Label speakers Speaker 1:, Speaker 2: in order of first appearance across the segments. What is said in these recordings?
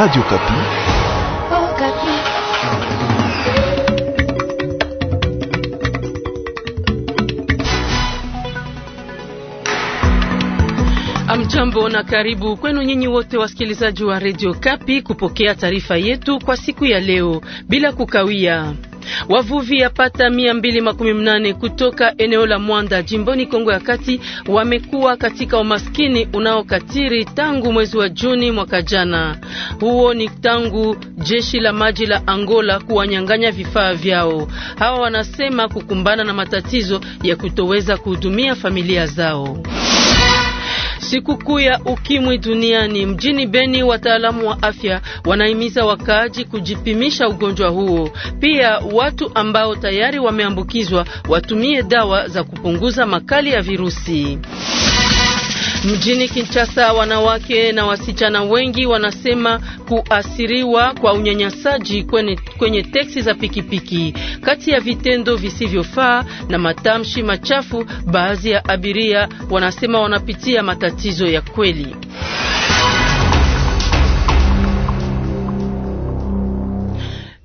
Speaker 1: Radio Kapi.
Speaker 2: Oh, Kapi.
Speaker 3: Amjambo na karibu kwenu nyinyi wote wasikilizaji wa Radio Kapi kupokea taarifa yetu kwa siku ya leo bila kukawia. Wavuvi yapata mia mbili makumi mnane kutoka eneo la Mwanda jimboni Kongo ya Kati wamekuwa katika umaskini unaokatiri tangu mwezi wa Juni mwaka jana. Huo ni tangu jeshi la maji la Angola kuwanyang'anya vifaa vyao. Hawa wanasema kukumbana na matatizo ya kutoweza kuhudumia familia zao. Sikukuu ya ukimwi duniani mjini Beni, wataalamu wa afya wanahimiza wakaaji kujipimisha ugonjwa huo. Pia watu ambao tayari wameambukizwa watumie dawa za kupunguza makali ya virusi. Mjini Kinshasa wanawake na wasichana wengi wanasema kuasiriwa kwa unyanyasaji kwenye, kwenye teksi za pikipiki. Kati ya vitendo visivyofaa na matamshi machafu, baadhi ya abiria wanasema wanapitia matatizo ya kweli.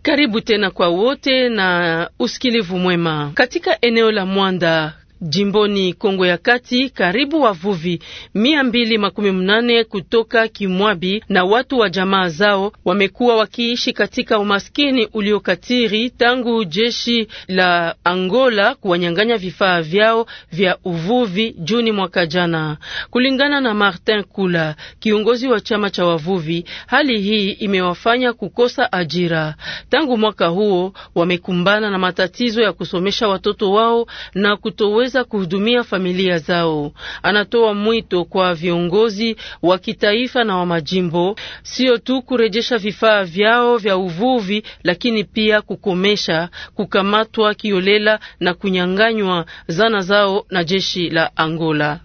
Speaker 3: Karibu tena kwa wote na usikilivu mwema katika eneo la Mwanda Jimboni Kongo ya Kati, karibu wavuvi mia mbili makumi mnane kutoka Kimwabi na watu wa jamaa zao wamekuwa wakiishi katika umaskini uliokatiri tangu jeshi la Angola kuwanyang'anya vifaa vyao vya uvuvi Juni mwaka jana. Kulingana na Martin Kula, kiongozi wa chama cha wavuvi, hali hii imewafanya kukosa ajira. Tangu mwaka huo wamekumbana na matatizo ya kusomesha watoto wao na kutowe kuweza kuhudumia familia zao. Anatoa mwito kwa viongozi wa kitaifa na wa majimbo, sio tu kurejesha vifaa vyao vya uvuvi, lakini pia kukomesha kukamatwa kiolela na kunyanganywa zana zao na jeshi la Angola.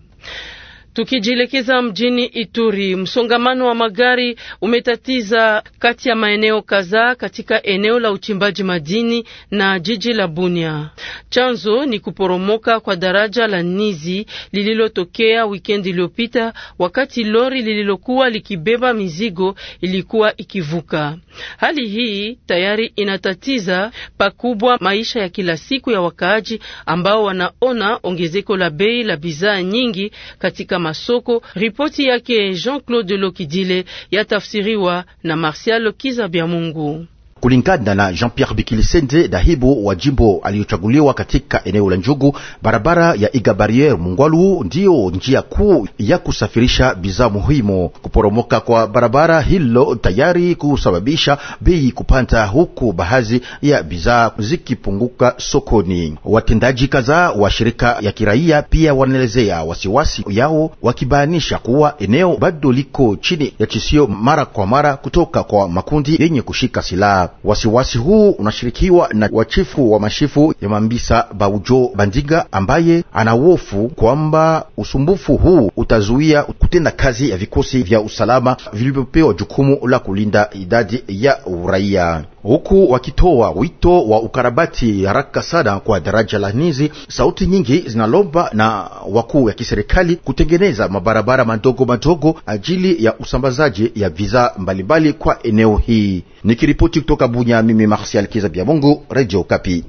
Speaker 3: Tukijielekeza mjini Ituri, msongamano wa magari umetatiza kati ya maeneo kadhaa katika eneo la uchimbaji madini na jiji la Bunia. Chanzo ni kuporomoka kwa daraja la Nizi lililotokea wikendi iliyopita wakati lori lililokuwa likibeba mizigo ilikuwa ikivuka. Hali hii tayari inatatiza pakubwa maisha ya kila siku ya wakaaji ambao wanaona ongezeko la bei la bidhaa nyingi katika masoko. Ripoti yake Jean-Claude Lokidile yatafsiriwa na Martial Kizabiamungu.
Speaker 1: Kulingana na Jean-Pierre Bikilisende, dahibu wa jimbo aliyochaguliwa katika eneo la Njugu, barabara ya Iga Barriere Mungwalu ndiyo njia kuu ya kusafirisha bidhaa muhimu. Kuporomoka kwa barabara hilo tayari kusababisha bei kupanda, huku baadhi ya bidhaa zikipunguka sokoni. Watendaji kadhaa wa shirika ya kiraia pia wanaelezea wasiwasi yao, wakibainisha kuwa eneo bado liko chini ya chisio mara kwa mara kutoka kwa makundi yenye kushika silaha. Wasiwasi huu unashirikiwa na wachifu wa mashifu ya Mambisa Baujo Bandiga, ambaye anawofu kwamba usumbufu huu utazuia kutenda kazi ya vikosi vya usalama vilivyopewa jukumu la kulinda idadi ya uraia huku wakitoa wito wa ukarabati haraka sana kwa daraja la Nizi. Sauti nyingi zinalomba na wakuu ya kiserikali kutengeneza mabarabara madogo madogo ajili ya usambazaji ya viza mbalimbali kwa eneo hii. Nikiripoti kutoka kutoka Bunya, mimi martial Kizabia Bongo, Radio Kapi.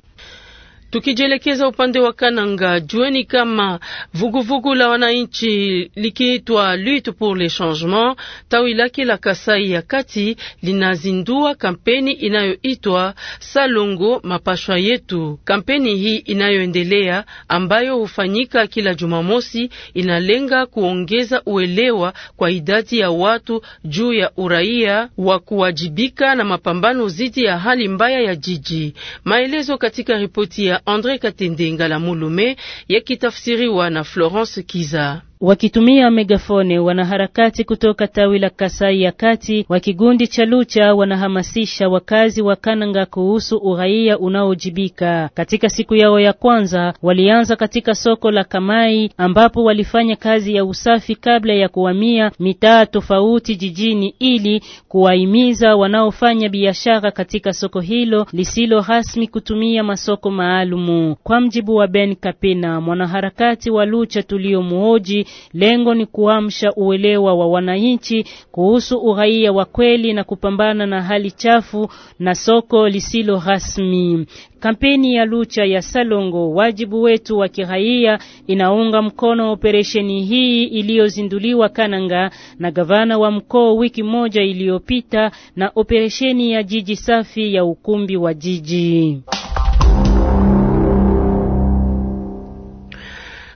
Speaker 3: Tukijielekeza upande wa Kananga, jueni kama vuguvugu la wananchi likiitwa Lutte pour le Changement tawi lake la Kasai ya kati linazindua kampeni inayoitwa Salongo mapashwa yetu. Kampeni hii inayoendelea ambayo hufanyika kila Jumamosi inalenga kuongeza uelewa kwa idadi ya watu juu ya uraia wa kuwajibika na mapambano dhidi ya hali mbaya ya jiji. Maelezo katika ripoti ya andré Andre Katendenga la Mulume yakitafsiriwa na
Speaker 4: Florence Kiza. Wakitumia megafone, wanaharakati kutoka tawi la Kasai ya Kati wa kigundi cha Lucha wanahamasisha wakazi wa Kananga kuhusu uraia unaojibika. Katika siku yao ya kwanza, walianza katika soko la Kamai ambapo walifanya kazi ya usafi kabla ya kuhamia mitaa tofauti jijini ili kuwahimiza wanaofanya biashara katika soko hilo lisilo rasmi kutumia masoko maalumu. Kwa mjibu wa Ben kapina mwanaharakati wa Lucha tuliomuoji Lengo ni kuamsha uelewa wa wananchi kuhusu uraia wa kweli na kupambana na hali chafu na soko lisilo rasmi. Kampeni ya Lucha ya Salongo wajibu wetu wa kiraia inaunga mkono operesheni hii iliyozinduliwa Kananga na gavana wa mkoa wiki moja iliyopita na operesheni ya jiji safi ya ukumbi wa jiji.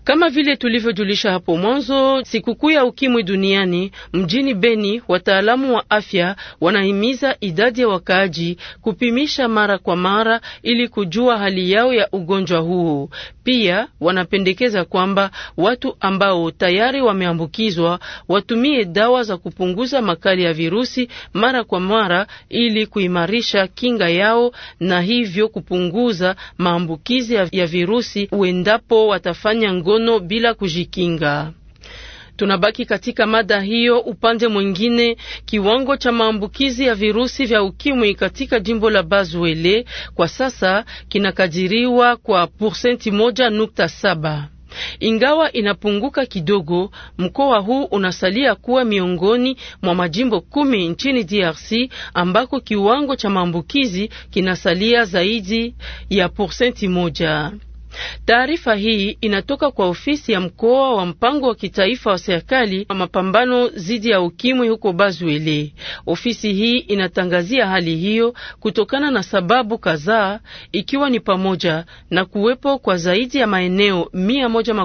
Speaker 4: Kama vile
Speaker 3: tulivyojulisha hapo mwanzo, sikukuu ya ukimwi duniani mjini Beni, wataalamu wa afya wanahimiza idadi ya wakaaji kupimisha mara kwa mara ili kujua hali yao ya ugonjwa huo. Pia wanapendekeza kwamba watu ambao tayari wameambukizwa watumie dawa za kupunguza makali ya virusi mara kwa mara ili kuimarisha kinga yao na hivyo kupunguza maambukizi ya virusi uendapo watafanya ngo ngono bila kujikinga. Tunabaki katika mada hiyo. Upande mwingine, kiwango cha maambukizi ya virusi vya ukimwi katika jimbo la Bazwele kwa sasa kinakadiriwa kwa porsenti moja nukta saba ingawa inapunguka kidogo, mkoa huu unasalia kuwa miongoni mwa majimbo kumi nchini DRC ambako kiwango cha maambukizi kinasalia zaidi ya porsenti moja. Taarifa hii inatoka kwa ofisi ya mkoa wa mpango wa kitaifa wa serikali wa mapambano dhidi ya ukimwi huko Bazwele. Ofisi hii inatangazia hali hiyo kutokana na sababu kadhaa, ikiwa ni pamoja na kuwepo kwa zaidi ya maeneo mia moja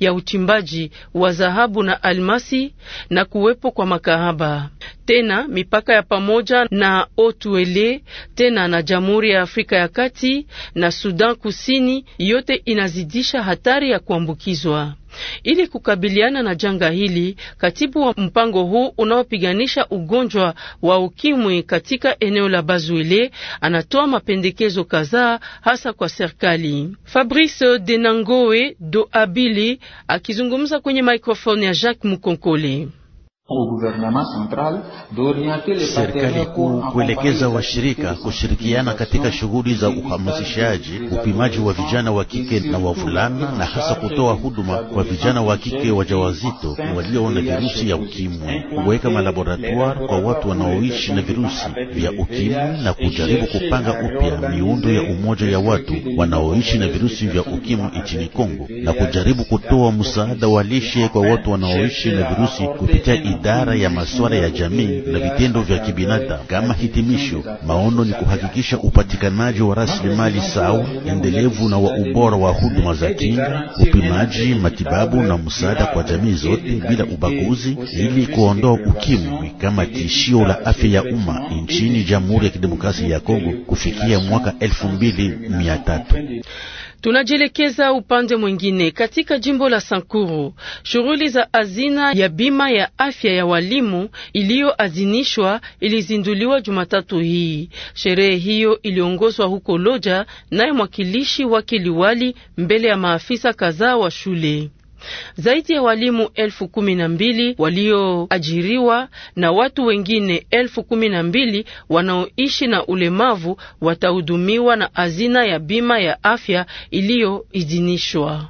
Speaker 3: ya uchimbaji wa dhahabu na almasi na kuwepo kwa makahaba tena mipaka ya pamoja na Otuele tena na Jamhuri ya Afrika ya Kati na Sudan Kusini, yote inazidisha hatari ya kuambukizwa. Ili kukabiliana na janga hili, katibu wa mpango huu unaopiganisha ugonjwa wa ukimwi katika eneo la Bazuele anatoa mapendekezo kadhaa hasa kwa serikali. Fabrice Denangoe do Abili akizungumza kwenye mikrofoni ya Jacques Mukonkole.
Speaker 1: Serikali
Speaker 5: kuu kuelekeza washirika kushirikiana katika shughuli za uhamasishaji, upimaji wa vijana wa kike na wavulana, na hasa kutoa huduma kwa vijana wa kike wajawazito walio na virusi ya ukimwi, kuweka malaboratoire kwa watu wanaoishi na virusi vya ukimwi na kujaribu kupanga upya miundo ya umoja ya watu wanaoishi na virusi vya ukimwi nchini Kongo, na kujaribu kutoa msaada wa lishe kwa watu wanaoishi na virusi kupitia idara ya masuala ya jamii na vitendo vya kibinadamu. Kama hitimisho, maono ni kuhakikisha upatikanaji wa rasilimali sawa, endelevu na wa ubora wa huduma za kinga, upimaji, matibabu na msaada kwa jamii zote bila ubaguzi, ili kuondoa ukimwi kama tishio la afya ya umma nchini Jamhuri ya Kidemokrasia ya Kongo kufikia mwaka elfu mbili mia tatu.
Speaker 3: Tunajielekeza upande mwingine katika jimbo la Sankuru. Shughuli za azina ya bima ya afya ya walimu iliyoazinishwa ilizinduliwa Jumatatu hii. Sherehe hiyo iliongozwa huko Loja naye mwakilishi wake liwali mbele ya maafisa kadhaa wa shule. Zaidi ya walimu elfu kumi na mbili walioajiriwa na watu wengine elfu kumi na mbili wanaoishi na ulemavu watahudumiwa na hazina ya bima ya afya iliyoidhinishwa.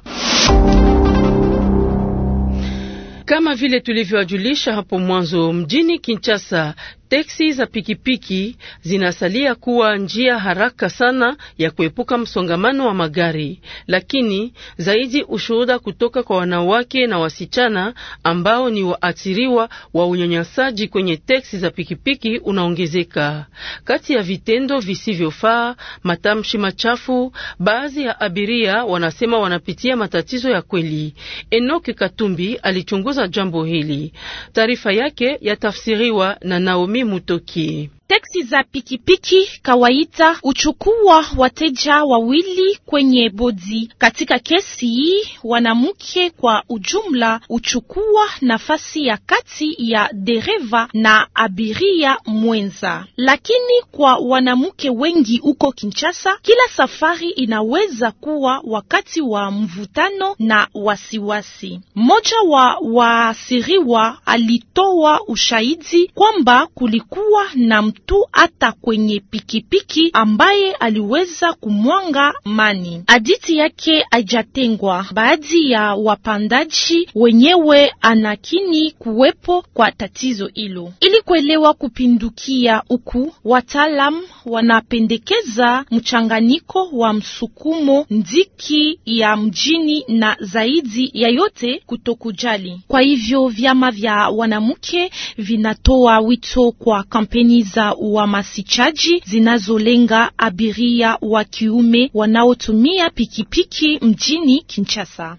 Speaker 3: Kama vile tulivyowajulisha hapo mwanzo, mjini Kinshasa Teksi za pikipiki zinasalia kuwa njia haraka sana ya kuepuka msongamano wa magari, lakini zaidi ushuhuda kutoka kwa wanawake na wasichana ambao ni waathiriwa wa unyanyasaji kwenye teksi za pikipiki unaongezeka. Kati ya vitendo visivyofaa, matamshi machafu, baadhi ya abiria wanasema wanapitia matatizo ya kweli. Enoki Katumbi alichunguza jambo hili. Taarifa yake yatafsiriwa na Naomi Muito mutoki
Speaker 6: Teksi za pikipiki kawaita uchukua wateja wawili kwenye bodi. Katika kesi hii, wanamke kwa ujumla uchukua nafasi ya kati ya dereva na abiria mwenza, lakini kwa wanamke wengi huko Kinshasa, kila safari inaweza kuwa wakati wa mvutano na wasiwasi. Mmoja wa waasiriwa alitoa ushahidi kwamba kulikuwa na tu hata kwenye pikipiki ambaye aliweza kumwanga mani. Aditi yake haijatengwa. Baadhi ya wapandaji wenyewe anakini kuwepo kwa tatizo hilo. Ili kuelewa kupindukia huku, wataalam wanapendekeza mchanganyiko wa msukumo ndiki ya mjini na zaidi ya yote kutokujali. Kwa hivyo vyama vya wanamke vinatoa wito kwa kampeni za uhamasichaji zinazolenga abiria wa kiume wanaotumia pikipiki mjini Kinshasa.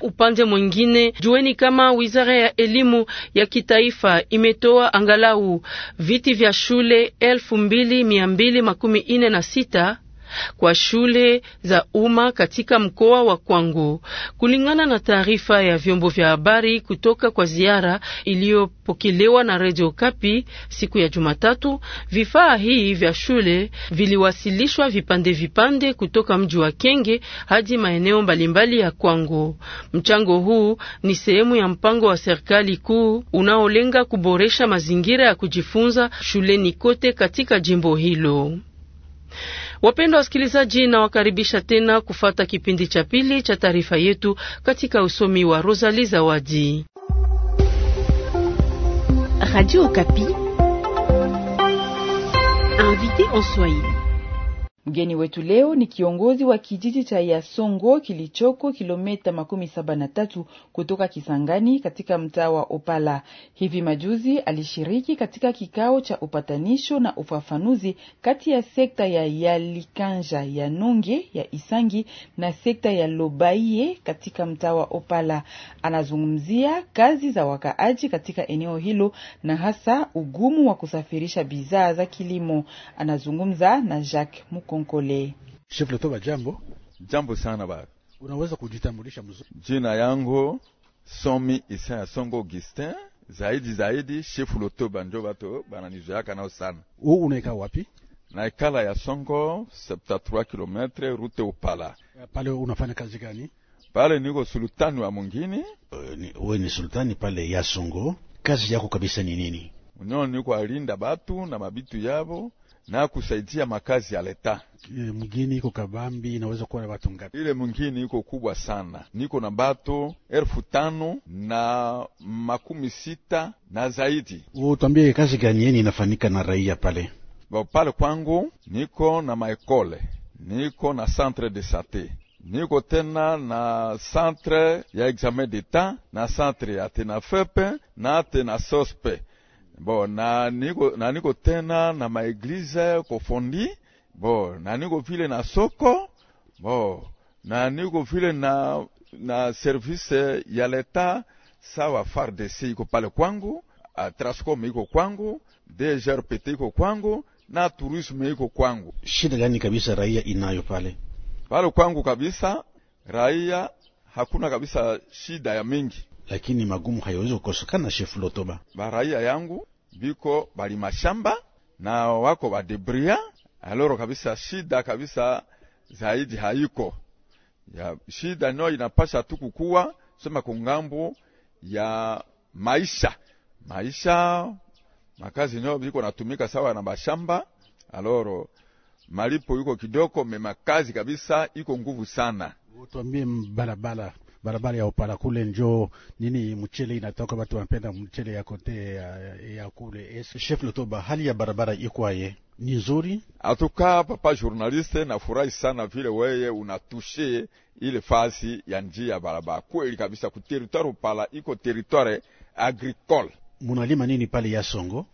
Speaker 6: Upande
Speaker 3: mwingine jueni kama wizara ya elimu ya kitaifa imetoa angalau viti vya shule elfu mbili mia mbili makumi ine na sita kwa shule za umma katika mkoa wa Kwango, kulingana na taarifa ya vyombo vya habari kutoka kwa ziara iliyopokelewa na Radio Kapi siku ya Jumatatu. Vifaa hii vya shule viliwasilishwa vipande vipande kutoka mji wa Kenge hadi maeneo mbalimbali ya Kwango. Mchango huu ni sehemu ya mpango wa serikali kuu unaolenga kuboresha mazingira ya kujifunza shuleni kote katika jimbo hilo. Wapendwa wasikilizaji, nawakaribisha tena kufata kipindi cha pili cha taarifa yetu katika usomi wa Rosalie Zawadi.
Speaker 2: Radio Okapi,
Speaker 3: invité en Swahili. Mgeni wetu
Speaker 7: leo ni kiongozi wa kijiji cha Yasongo kilichoko kilomita makumi saba na tatu kutoka Kisangani katika mtaa wa Opala. Hivi majuzi alishiriki katika kikao cha upatanisho na ufafanuzi kati ya sekta ya Yalikanja ya Nonge ya Isangi na sekta ya Lobaiye katika mtaa wa Opala. Anazungumzia kazi za wakaaji katika eneo hilo na hasa ugumu wa kusafirisha bidhaa za kilimo. Anazungumza na Jacques Konkole.
Speaker 8: Chef Lutoba, jambo. Jambo sana ba. Unaweza kujitambulisha mzuri? Jina yangu Somi Isaya Songo Augustin, zaidi zaidi Chef Lutoba, njo bato bananizoyaka nao sana. Wewe unaika wapi? na ikala ya Songo 73 km route Upala.
Speaker 9: Eh, pale unafanya kazi gani?
Speaker 8: Pale niko sultani wa mungini. Eh, wewe ni, sultani pale ya Songo. Kazi yako kabisa ni nini? Unyo niko alinda batu na mabitu yabo na kusaidia makazi ya leta. Eh,
Speaker 9: mgini iko kabambi inaweza kuwa na batu ngapi?
Speaker 8: Ile mgini iko kubwa sana, niko na batu elfu tano na makumi sita na zaidi.
Speaker 9: Oh, Utwambie kazi gani yeni inafanika na raia pale?
Speaker 8: Ba pale kwangu niko na maekole, niko na centre de sante niko tena na centre ya examen d'etat na centre ya tena fepe na tena sospe bo na niko, na niko tena na maeglize kofondi bo na niko vile na soko bo na niko vile na, na service ya leta sawa FARDC iko pale kwangu, Trascom iko kwangu, DGRPT iko kwangu na tourisme iko kwangu. Shida gani kabisa raia inayo pale pale kwangu kabisa? Raia hakuna kabisa shida ya mingi, lakini magumu hayawezi kukosekana. Shefu Lotoba, baraia yangu biko bali mashamba na wako badebria aloro kabisa, shida kabisa zaidi haiko ya shida no inapasha tu kukuwa sema kungambo ya maisha maisha makazi nyo biko natumika sawa na bashamba aloro malipo yuko kidoko memakazi kabisa iko nguvu sana.
Speaker 9: Utwambie mbalabala barabara ya upara kule njo nini mchele inatoka, watu wanapenda mchele ya kote ya, ya kule es. Chef Lutoba, hali ya barabara ikwaye ni nzuri
Speaker 8: atuka. Papa journaliste, nafurahi sana vile weye unatushe ile fasi ya njia ya barabara. Kweli kabisa, ku territoire upala iko territoire agricole.
Speaker 9: Munalima nini pale ya songo?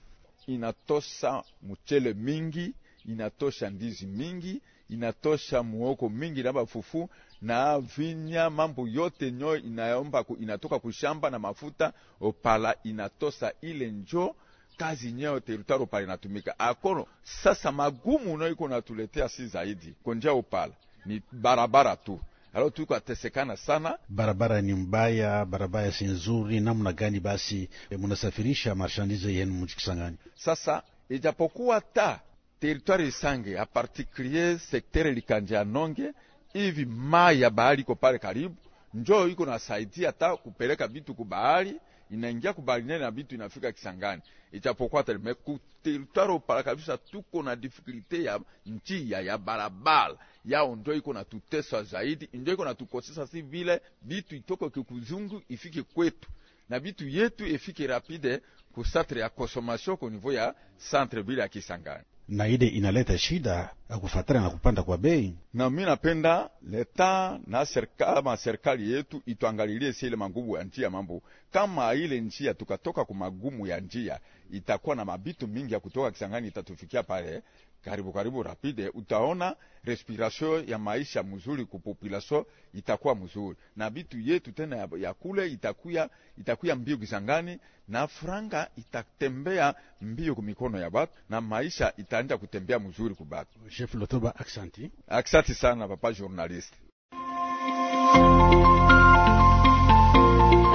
Speaker 8: Inatosha mchele mingi, inatosha ndizi mingi inatosha muoko mingi na bafufu na vinya, mambo yote nyo inayomba ku, inatoka kushamba na mafuta opala inatosa ile njo kazi nyeo terutaro pale inatumika akono. Sasa magumu nayo iko natuletea si zaidi konja upala ni barabara tu alo tuko atesekana sana,
Speaker 9: barabara ni mbaya, barabara si nzuri. Namna gani basi eh, munasafirisha marshandize yenu mujikisangani?
Speaker 8: Sasa ijapokuwa ta teritwari Isange, a particulier sektere Likanja Nonge, hivi mai ya bahari iko pale karibu, njo iko nasaidia hata kupeleka bitu kubahari, inaingia kubaharinene na bitu inafika Kisangani, ijapokuwa teleme kuteritwari pala kabisa tuko na difikulite ya njia ya barabara yao, njo iko natutesa zaidi, njo iko natukosesa si vile bitu itoko kikuzungu ifike kwetu na bitu yetu ifike rapide ku centre ya consommation ko niveau ya centre ville ya Kisangani
Speaker 9: na ile inaleta shida akufatana na kupanda kwa bei.
Speaker 8: Na mimi napenda leta na serikali ma serikali yetu ituangalilie sile magumu ya njia mambo kama ile njia, tukatoka kwa magumu ya njia itakuwa na mabitu mingi ya kutoka Kisangani itatufikia pale karibu karibu rapide, utaona respiration ya maisha mzuri population itakuwa mzuri na bitu yetu tena ya, ya kule itakuya, itakuya mbio Kisangani, na franga itatembea mbio mikono ya batu na maisha itaanja kutembea mzuri kubatu. Chef Lotoba, aksanti aksanti sana papa journalist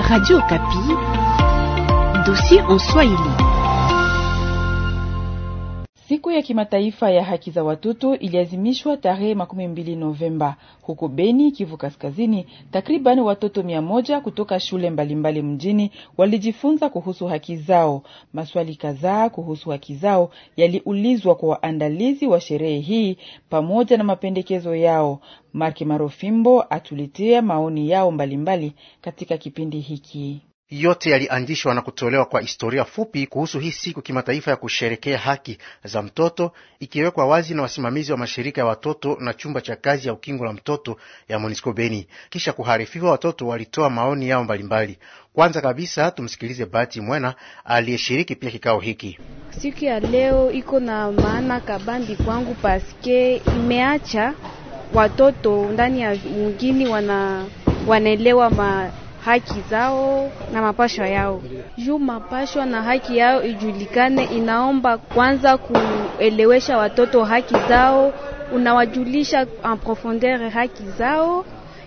Speaker 6: Radio Kapi, dossier en Swahili.
Speaker 7: Siku ya kimataifa ya haki za watoto iliazimishwa tarehe makumi mbili Novemba huko Beni, Kivu Kaskazini. Takriban watoto mia moja kutoka shule mbalimbali mbali mjini walijifunza kuhusu haki zao. Maswali kadhaa kuhusu haki zao yaliulizwa kwa waandalizi wa sherehe hii pamoja na mapendekezo yao. Mark Marofimbo atuletea maoni yao mbalimbali mbali katika kipindi hiki
Speaker 10: yote yaliandishwa na kutolewa kwa historia fupi kuhusu hii siku kimataifa ya kusherekea haki za mtoto, ikiwekwa wazi na wasimamizi wa mashirika ya watoto na chumba cha kazi ya ukingo la mtoto ya Monisco Beni. Kisha kuharifiwa, watoto walitoa maoni yao mbalimbali. Kwanza kabisa tumsikilize Bahati Mwena aliyeshiriki pia kikao hiki.
Speaker 2: Siku ya leo iko na maana kabambi kwangu, paske imeacha watoto ndani ya mgini wana wanaelewa haki zao na mapashwa yao. Juu mapashwa na haki yao ijulikane, inaomba kwanza kuelewesha watoto haki zao, unawajulisha en profondeur haki zao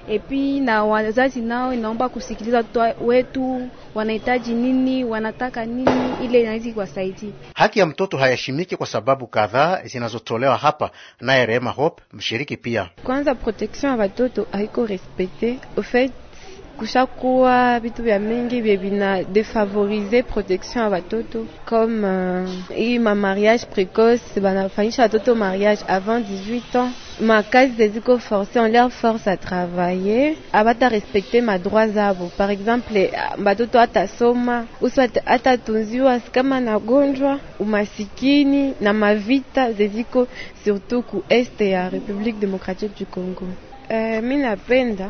Speaker 2: epi na wazazi nao inaomba kusikiliza watoto wetu wanahitaji nini, wanataka nini, ile inaweza kuwasaidia.
Speaker 10: Haki ya mtoto hayashimiki kwa sababu kadhaa zinazotolewa hapa naye Rehema Hope, mshiriki pia.
Speaker 2: Kwanza protection ya watoto haiko respecte au fait kushakuwa vitu vya mingi vye vina defavorize protection ya watoto comme uh, ma mariage precoce banafanyisha watoto mariage avant 18 ans makazi zeziko force on leur force à travailler abata respecter madroit zabo par exemple batoto atasoma uso atatunziwa kama nagonjwa umasikini na mavita zeziko surtout ku este ya République démocratique du Congo Uh, mi napenda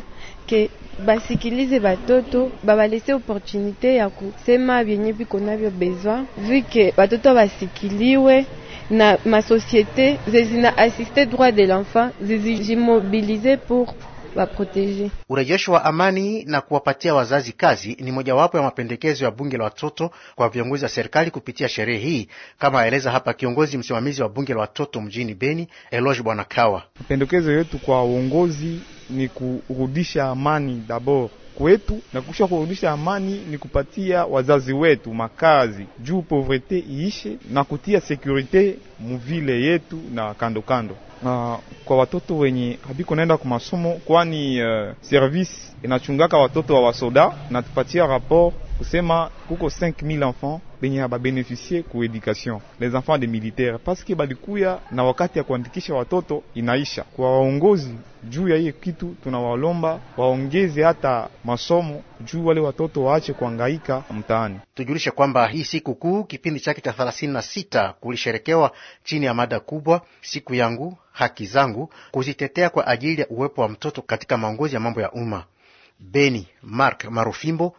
Speaker 2: ke basikilize batoto babalese opportunité ya kusema vyenye viko navyo besoin vu batoto basikiliwe na masosiete zezina asiste droit de l'enfant zezijimobilize pour waprotege.
Speaker 10: Urejesho wa amani na kuwapatia wazazi kazi ni mojawapo ya mapendekezo ya bunge la watoto kwa viongozi wa serikali kupitia sherehe hii, kama aeleza hapa kiongozi msimamizi wa bunge la watoto mjini Beni, Eloge Bwana Kawa. Mapendekezo
Speaker 8: yetu kwa uongozi ni kurudisha amani dabor kwetu na kusha kurudisha amani ni kupatia wazazi wetu makazi juu povrete iishe na kutia sekurite muvile yetu na kandokando kando na kwa watoto wenye habiko naenda ku masomo, kwani uh, service inachungaka watoto wa wasoda na tupatia rapport kusema kuko 5000 enfants benye beneficier ku education les enfants de militaire que balikuya na wakati ya kuandikisha watoto inaisha. Kwa
Speaker 10: waongozi juu ya hiyo kitu, tunawalomba waongeze hata masomo juu wale watoto waache kuangaika mtaani. Tujulishe kwamba hii siku kuu kipindi chake cha thelathini na sita kulisherekewa chini ya mada kubwa, siku yangu haki zangu, kuzitetea kwa ajili ya uwepo wa mtoto katika maongozi ya mambo ya umma. Beni, Mark Marufimbo.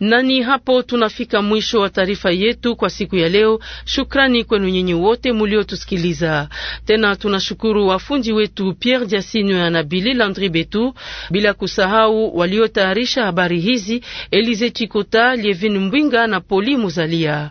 Speaker 3: ni hapo tunafika mwisho wa taarifa yetu kwa siku ya leo. Shukrani kwenu nyinyi wote muliotusikiliza. Tena tunashukuru wafundi wetu Pierre Diasino na Bili Landri Betu, bila kusahau waliotayarisha habari hizi Elize Chikota, Lievin Mbwinga na Poli Muzalia.